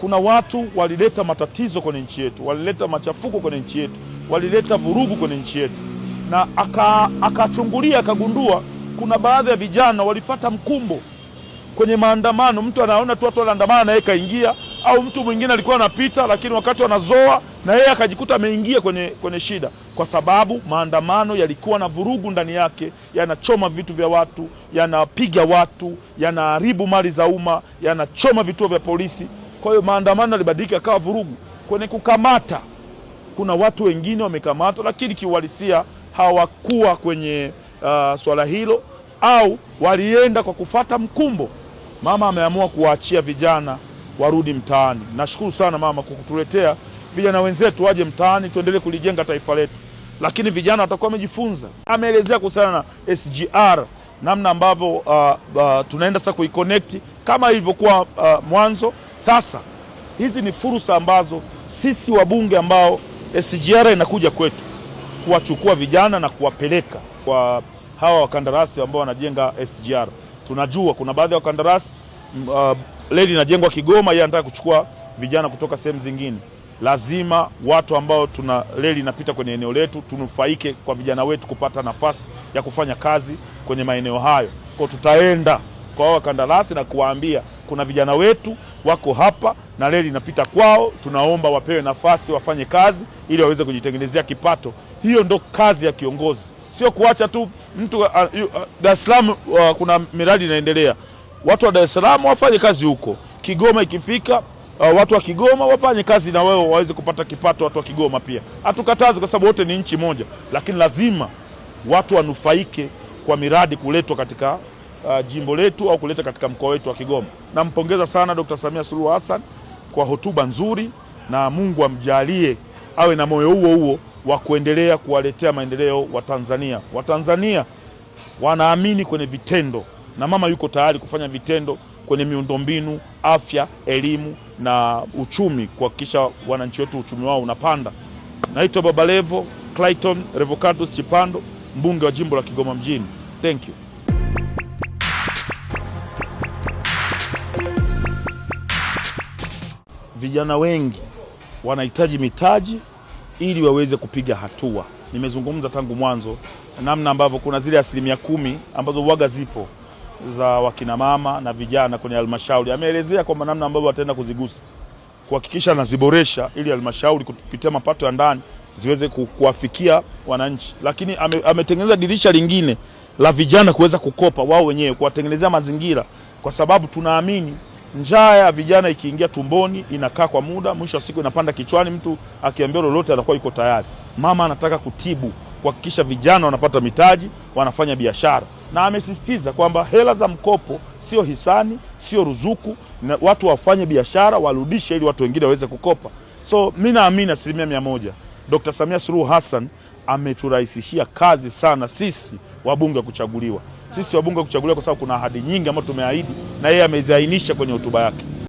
kuna watu walileta matatizo kwenye nchi yetu, walileta machafuko kwenye nchi yetu, walileta vurugu kwenye nchi yetu, na akachungulia aka akagundua kuna baadhi ya vijana walifata mkumbo kwenye maandamano. Mtu anaona tu watu wanaandamana na yeye kaingia, au mtu mwingine alikuwa anapita, lakini wakati wanazoa na yeye akajikuta ameingia kwenye, kwenye shida, kwa sababu maandamano yalikuwa na vurugu ndani yake, yanachoma vitu vya watu, yanapiga watu, yanaharibu mali za umma, yanachoma vituo vya polisi. Kwa hiyo maandamano yalibadilika yakawa vurugu. Kwenye kukamata, kuna watu wengine wamekamatwa, lakini kiuhalisia hawakuwa kwenye uh, swala hilo, au walienda kwa kufata mkumbo. Mama ameamua kuwaachia vijana warudi mtaani. Nashukuru sana mama kwa kutuletea vijana wenzetu waje mtaani, tuendelee kulijenga taifa letu, lakini vijana watakuwa wamejifunza. Ameelezea kuhusiana na SGR namna ambavyo uh, uh, tunaenda sasa kuiconnect kama ilivyokuwa uh, mwanzo. Sasa hizi ni fursa ambazo sisi wabunge ambao SGR inakuja kwetu kuwachukua vijana na kuwapeleka kwa hawa wakandarasi ambao wanajenga SGR. Tunajua kuna baadhi ya wakandarasi mm, uh, leli inajengwa Kigoma, yeye anataka kuchukua vijana kutoka sehemu zingine. Lazima watu ambao tuna reli inapita kwenye eneo letu tunufaike kwa vijana wetu kupata nafasi ya kufanya kazi kwenye maeneo hayo, kwa tutaenda kwa wakandarasi na kuwaambia kuna vijana wetu wako hapa na reli inapita kwao, tunaomba wapewe nafasi wafanye kazi ili waweze kujitengenezea kipato. Hiyo ndo kazi ya kiongozi, sio kuacha tu mtu. Uh, uh, uh, Dar es Salaam uh, kuna miradi inaendelea, watu wa Dar es Salaam wafanye kazi huko. Kigoma ikifika Uh, watu wa Kigoma wafanye kazi na wao waweze kupata kipato. Watu wa Kigoma pia hatukatazi, kwa sababu wote ni nchi moja, lakini lazima watu wanufaike kwa miradi kuletwa katika uh, jimbo letu au kuleta katika mkoa wetu wa Kigoma. Nampongeza sana Dr. Samia Suluhu Hassan kwa hotuba nzuri na Mungu amjalie awe na moyo huo huo wa kuendelea kuwaletea maendeleo wa tanzania Watanzania wanaamini kwenye vitendo na mama yuko tayari kufanya vitendo kwenye miundombinu, afya, elimu na uchumi kuhakikisha wananchi wetu uchumi wao unapanda. Naitwa Baba Levo Clayton Revocatus Chipando, mbunge wa jimbo la Kigoma mjini. Thank you. vijana wengi wanahitaji mitaji ili waweze kupiga hatua. Nimezungumza tangu mwanzo namna ambavyo kuna zile asilimia kumi ambazo waga zipo za wakinamama na vijana kwenye halmashauri. Ameelezea kwamba namna ambavyo wataenda kuzigusa kuhakikisha anaziboresha ili halmashauri kupitia mapato ya ndani ziweze kuwafikia wananchi, lakini ametengeneza ame dirisha lingine la vijana kuweza kukopa wao wenyewe, kuwatengenezea mazingira, kwa sababu tunaamini njaa ya vijana ikiingia tumboni inakaa kwa muda, mwisho wa siku inapanda kichwani. Mtu akiambiwa lolote atakuwa yuko tayari. Mama anataka kutibu, kuhakikisha vijana wanapata mitaji, wanafanya biashara, na amesisitiza kwamba hela za mkopo sio hisani, sio ruzuku, na watu wafanye biashara, warudishe ili watu wengine waweze kukopa. So mi naamini asilimia mia moja Dkt. Samia Suluhu Hassan ameturahisishia kazi sana sisi wabunge wa kuchaguliwa sisi wabunge kuchaguliwa, kwa sababu kuna ahadi nyingi ambazo tumeahidi na yeye ameziainisha kwenye hotuba yake.